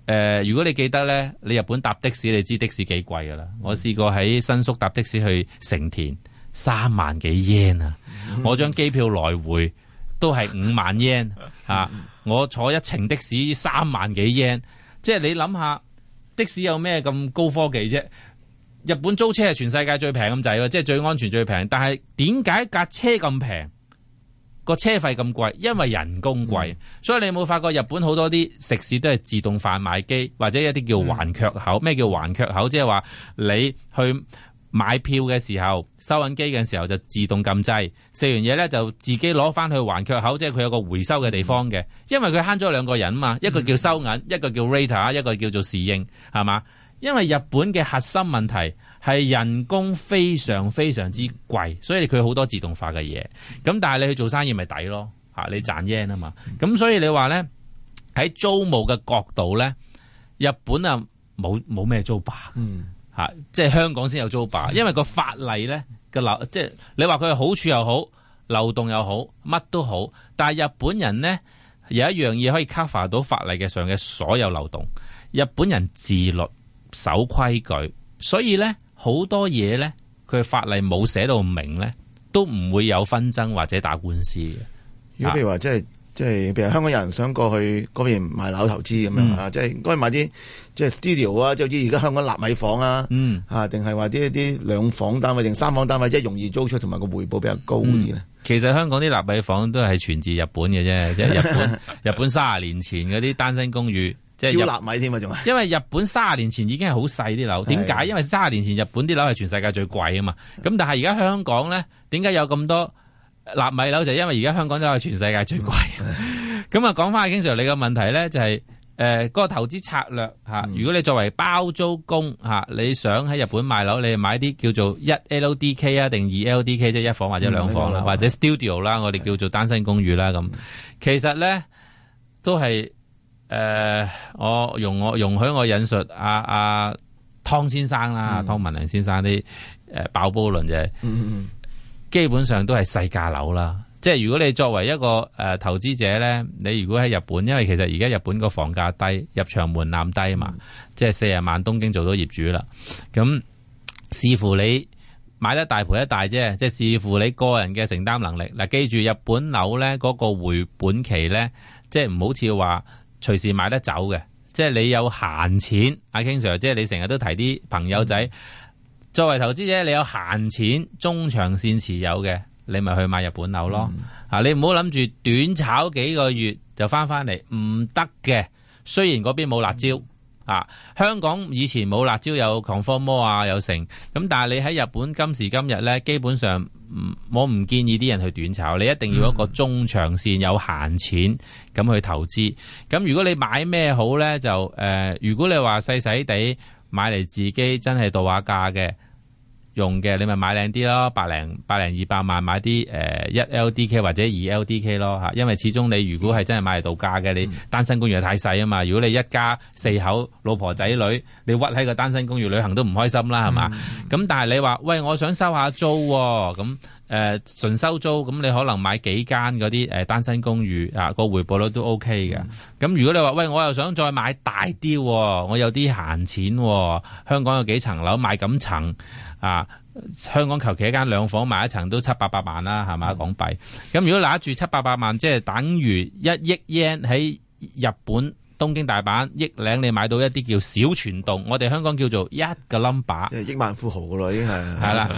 呃，如果你記得咧，你日本搭的士，你知的士幾貴噶啦。我試過喺新宿搭的士去成田三萬幾 yen 啊，我張機票來回都係五萬 yen 啊，我坐一程的士三萬幾 yen，即係你諗下，的士有咩咁高科技啫？日本租車係全世界最平咁滯喎，即係最安全最平。但係點解架車咁平？個車費咁貴，因為人工貴，嗯、所以你有冇發覺日本好多啲食肆都係自動販賣機或者一啲叫環缺口？咩叫環缺口？即係話你去買票嘅時候，收銀機嘅時候就自動撳掣，食完嘢呢就自己攞翻去環缺口，即係佢有個回收嘅地方嘅。因為佢慳咗兩個人啊嘛，一個叫收銀，一個叫 Rater，一個叫做侍應，係嘛？因為日本嘅核心問題。係人工非常非常之貴，所以佢好多自動化嘅嘢。咁但係你去做生意咪抵咯吓，你賺 yen 啊嘛。咁、嗯、所以你話咧喺租務嘅角度咧，日本啊冇冇咩租霸，吓、嗯、即係香港先有租霸。因為個法例咧個流，嗯、即係你話佢係好處又好，漏洞又好，乜都好。但係日本人咧有一樣嘢可以 cover 到法例嘅上嘅所有漏洞。日本人自律守規矩，所以咧。好多嘢咧，佢法例冇寫到明咧，都唔會有紛爭或者打官司。如果譬如話即係即係，譬、就是就是、如香港有人想過去嗰邊買樓投資咁樣啊，即係應該買啲即係 studio 啊，就好似而家香港納米房、嗯、啊，嗯啊，定係話啲啲兩房單位定三房單位，即係容易租出同埋個回報比較高啲咧、嗯。其實香港啲納米房都係傳自日本嘅啫，即係日本 日本卅年前嗰啲單身公寓。即係焦粒米添啊，仲係因為日本三十年前已經係好細啲樓，點解？因為三十年前日本啲樓係全世界最貴啊嘛。咁但係而家香港咧，點解有咁多納米樓？就因為而家香港樓係全世界最貴。咁啊，講翻阿 King Sir 你嘅問題咧，就係誒，嗰個投資策略吓。如果你作為包租公吓，你想喺日本買樓，你買啲叫做一 LDK 啊，定二 LDK 即係一房或者兩房啦，或者 studio 啦，我哋叫做單身公寓啦咁。其實咧都係。誒、呃，我容我容許我引述阿、啊、阿、啊、湯先生啦，嗯、湯文亮先生啲誒、呃、爆煲論就係，嗯、基本上都係細價樓啦。即係如果你作為一個誒、呃、投資者咧，你如果喺日本，因為其實而家日本個房價低，入場門檻低嘛，嗯、即係四十萬東京做到業主啦。咁、嗯、視乎你買得大賠一大啫，即係視乎你個人嘅承擔能力嗱、啊。記住日本樓咧嗰、那個回本期咧，即係唔好似話。隨時買得走嘅，即係你有閒錢，阿 King Sir，即係你成日都提啲朋友仔，嗯、作為投資者，你有閒錢中長線持有嘅，你咪去買日本樓咯。嗯、啊，你唔好諗住短炒幾個月就翻返嚟，唔得嘅。雖然嗰邊冇辣招。嗯啊！香港以前冇辣椒，有 confirmor 啊，有成。咁。但係你喺日本今時今日呢，基本上我唔建議啲人去短炒，你一定要一個中長線有閒錢咁去投資。咁、嗯、如果你買咩好呢？就誒、呃，如果你話細細地買嚟自己真係度下價嘅。用嘅你咪買靚啲咯，百零百零二百萬買啲誒一 LDK 或者二 LDK 咯吓，因為始終你如果係真係買嚟度假嘅，你單身公寓太細啊嘛。如果你一家四口，老婆仔女，你屈喺個單身公寓旅行都唔開心啦，係嘛？咁、嗯、但係你話喂，我想收下租咁、啊。誒純收租咁，你可能買幾間嗰啲誒單身公寓啊，個回報率都 OK 嘅。咁如果你話喂，我又想再買大啲喎、哦，我有啲閒錢喎、哦。香港有幾層樓買咁層啊？香港求其一間兩房買一層都七八百萬啦，係咪港幣？咁如果拿住七八百萬，即係等於一億日圓喺日本，東京大阪億領，你買到一啲叫小全棟，我哋香港叫做一個 number，億萬富豪噶已經係係啦，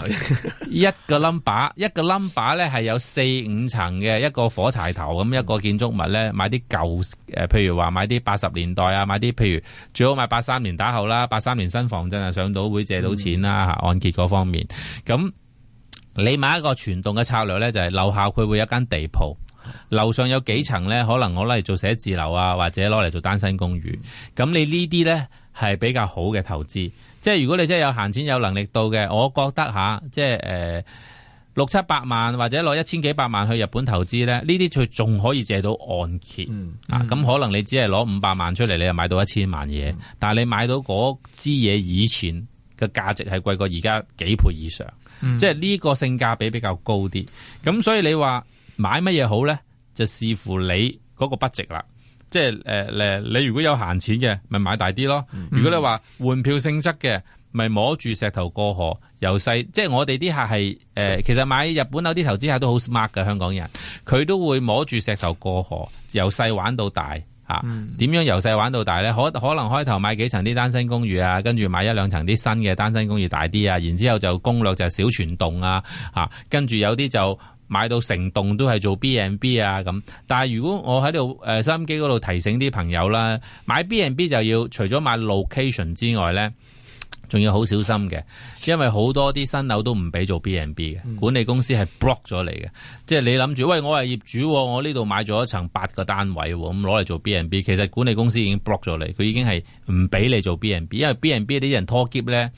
一個 number，一個 number 咧係有四五層嘅一個火柴頭咁一個建築物咧，買啲舊誒，譬如話買啲八十年代啊，買啲譬如最好買八三年打後啦，八三年新房真係上到會借到錢啦，嗯、按揭嗰方面。咁你買一個全棟嘅策略咧，就係樓下佢會有一間地鋪。樓上有幾層呢？可能我攞嚟做寫字樓啊，或者攞嚟做單身公寓。咁你呢啲呢，係比較好嘅投資。即係如果你真係有閒錢有能力到嘅，我覺得吓、啊，即係、呃、六七百萬或者攞一千幾百萬去日本投資呢，呢啲佢仲可以借到按揭、嗯、啊。咁可能你只係攞五百萬出嚟，你又買到一千萬嘢。嗯、但係你買到嗰支嘢以前嘅價值係貴過而家幾倍以上，嗯、即係呢個性價比比較高啲。咁所以你話。買乜嘢好呢？就視乎你嗰個 budget 啦。即係誒、呃、你如果有閒錢嘅，咪買大啲咯。如果你話換票性質嘅，咪摸住石頭過河，由細。即係我哋啲客係誒、呃，其實買日本樓啲投資客都好 smart 嘅，香港人。佢都會摸住石頭過河，由細玩到大吓。點、啊、樣由細玩到大呢？可可能開頭買幾層啲單身公寓啊，跟住買一兩層啲新嘅單身公寓大啲啊。然之後就攻略就係小全棟啊，吓。跟住有啲就。買到成棟都係做 B n B 啊咁，但係如果我喺度誒收音機嗰度提醒啲朋友啦，買 B n B 就要除咗買 location 之外咧，仲要好小心嘅，因為好多啲新樓都唔俾做 B n B 嘅，管理公司係 block 咗、嗯、你嘅，即係你諗住喂我係業主，我呢度買咗一層八個單位，咁攞嚟做 B n B，其實管理公司已經 block 咗你，佢已經係唔俾你做 B n B，因為 B n B 啲人拖喼咧，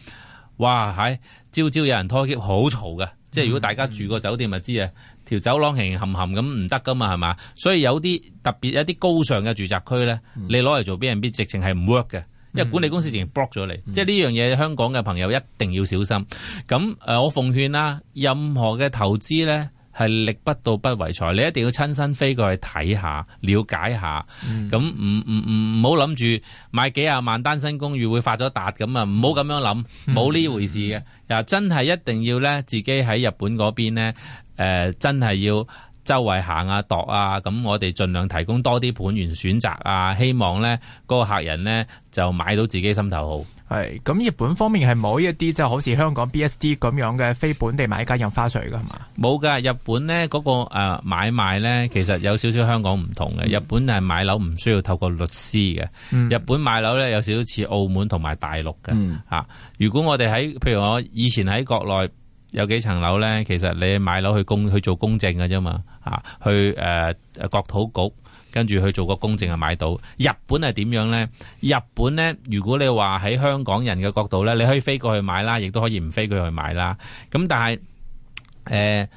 哇嗨、哎、朝朝有人拖喼，好嘈㗎。即係如果大家住個酒店咪知啊，嗯、條走廊行冚冚咁唔得噶嘛，係嘛？所以有啲特別一啲高尚嘅住宅區咧，嗯、你攞嚟做 B&B 直情係唔 work 嘅，因為管理公司直情 block 咗你。嗯、即係呢樣嘢，香港嘅朋友一定要小心。咁誒，我奉勸啦、啊，任何嘅投資咧。係力不到不為財，你一定要親身飛過去睇下，了解下。咁唔唔唔好諗住買幾廿萬單身公寓會發咗達咁啊，唔好咁樣諗，冇呢回事嘅。嗱、嗯，嗯、真係一定要呢，自己喺日本嗰邊呢，誒、呃，真係要周圍行下度啊。咁、啊、我哋盡量提供多啲盤源選擇啊，希望呢嗰個客人呢就買到自己心頭好。係，咁日本方面係冇一啲即係好似香港 BSD 咁樣嘅非本地買家印花稅噶嘛？冇噶，日本咧嗰、那個誒、呃、買賣咧，其實有少少香港唔同嘅。嗯、日本係買樓唔需要透過律師嘅，嗯、日本買樓咧有少少似澳門同埋大陸嘅吓、嗯啊。如果我哋喺譬如我以前喺國內有幾層樓咧，其實你買樓去公去做公證嘅啫嘛吓，去誒、呃、國土局。跟住去做個公證啊，買到日本係點樣呢？日本呢，如果你話喺香港人嘅角度呢，你可以飛過去買啦，亦都可以唔飛過去買啦。咁但係誒、呃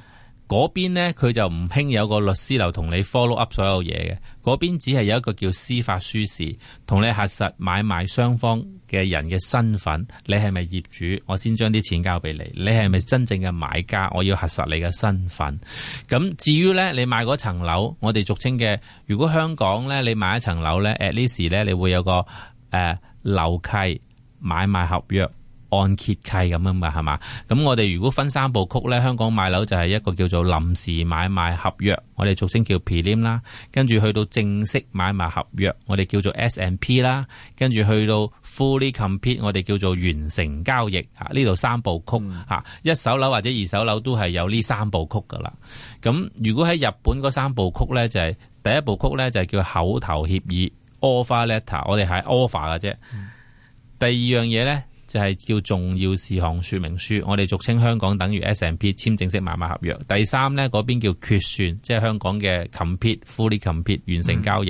嗰邊呢，佢就唔興有個律師樓同你 follow up 所有嘢嘅。嗰邊只係有一個叫司法書士，同你核實買賣雙方嘅人嘅身份。你係咪業主，我先將啲錢交俾你。你係咪真正嘅買家，我要核實你嘅身份。咁至於呢，你買嗰層樓，我哋俗稱嘅，如果香港呢，你買一層樓呢，at least 呢，你會有個誒、呃、樓契買賣合約。按揭契咁啊嘛，係嘛？咁我哋如果分三部曲呢，香港買樓就係一個叫做臨時買賣合約，我哋俗稱叫 prelim 啦，im，跟住去到正式買賣合約，我哋叫做 S and P 啦，跟住去到 fully complete，我哋叫做完成交易啊。呢度三部曲吓、嗯啊，一手樓或者二手樓都係有呢三部曲噶啦。咁如果喺日本嗰三部曲呢，就係、是、第一部曲呢，就係、是、叫口頭協議 offer letter，我哋係 offer 嘅啫。嗯、第二樣嘢呢，就係叫重要事項説明書，我哋俗稱香港等於 S&P 簽正式買賣合約。第三呢，嗰邊叫決算，即係香港嘅 complete、fully complete 完成交易。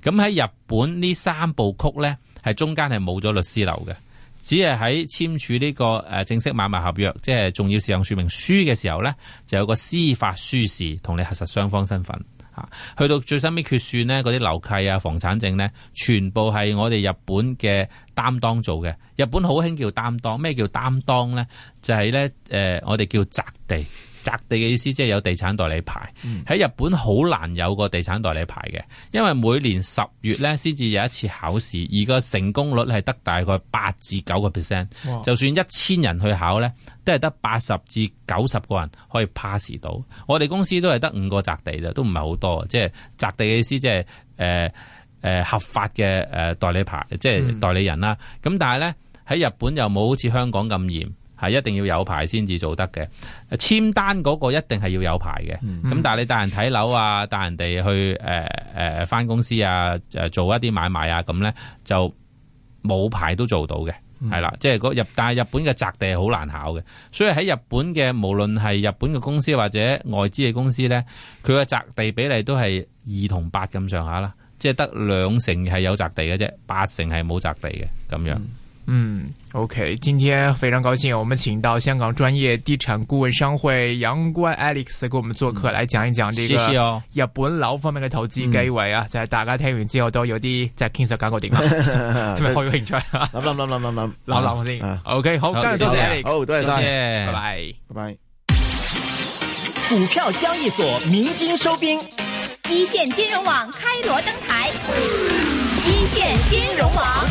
咁喺、嗯、日本呢三部曲呢，係中間係冇咗律師樓嘅，只係喺簽署呢個誒正式買賣合約，即係重要事項説明書嘅時候呢，就有個司法書士同你核實雙方身份。去到最新嘅決算呢，嗰啲樓契啊、房產證呢，全部係我哋日本嘅擔當做嘅。日本好興叫擔當，咩叫擔當呢？就係呢，誒，我哋叫宅地。宅地嘅意思即係有地產代理牌。喺日本好難有個地產代理牌嘅，因為每年十月咧先至有一次考試，而個成功率係得大概八至九個 percent，就算一千人去考咧，都係得八十至九十個人可以 pass 到。我哋公司都係得五個宅地嘅，都唔係好多。即係宅地嘅意思即係誒誒合法嘅誒代理牌，即、呃、係代理人啦。咁、嗯、但係咧喺日本又冇好似香港咁嚴。係一定要有牌先至做得嘅，簽單嗰個一定係要有牌嘅。咁、嗯、但係你帶人睇樓啊，帶人哋去誒誒返公司啊，誒做一啲買賣啊，咁咧就冇牌都做到嘅，係、嗯、啦。即係嗰日，但係日本嘅宅地好難考嘅，所以喺日本嘅無論係日本嘅公司或者外資嘅公司咧，佢嘅宅地比例都係二同八咁上下啦，即係得兩成係有宅地嘅啫，八成係冇宅地嘅咁樣。嗯嗯，OK，今天非常高興，我們請到香港專業地產顧問商會楊官 Alex 給我們做客，來講一講這個日本樓方面嘅投資機會啊，就大家聽完之後都有啲即傾實講個點啊，咁興趣啊，OK，好，多謝 Alex，好，多謝，拜拜，拜拜。股票交易所鳴金收兵，一線金融網開鑼登台，一線金融網。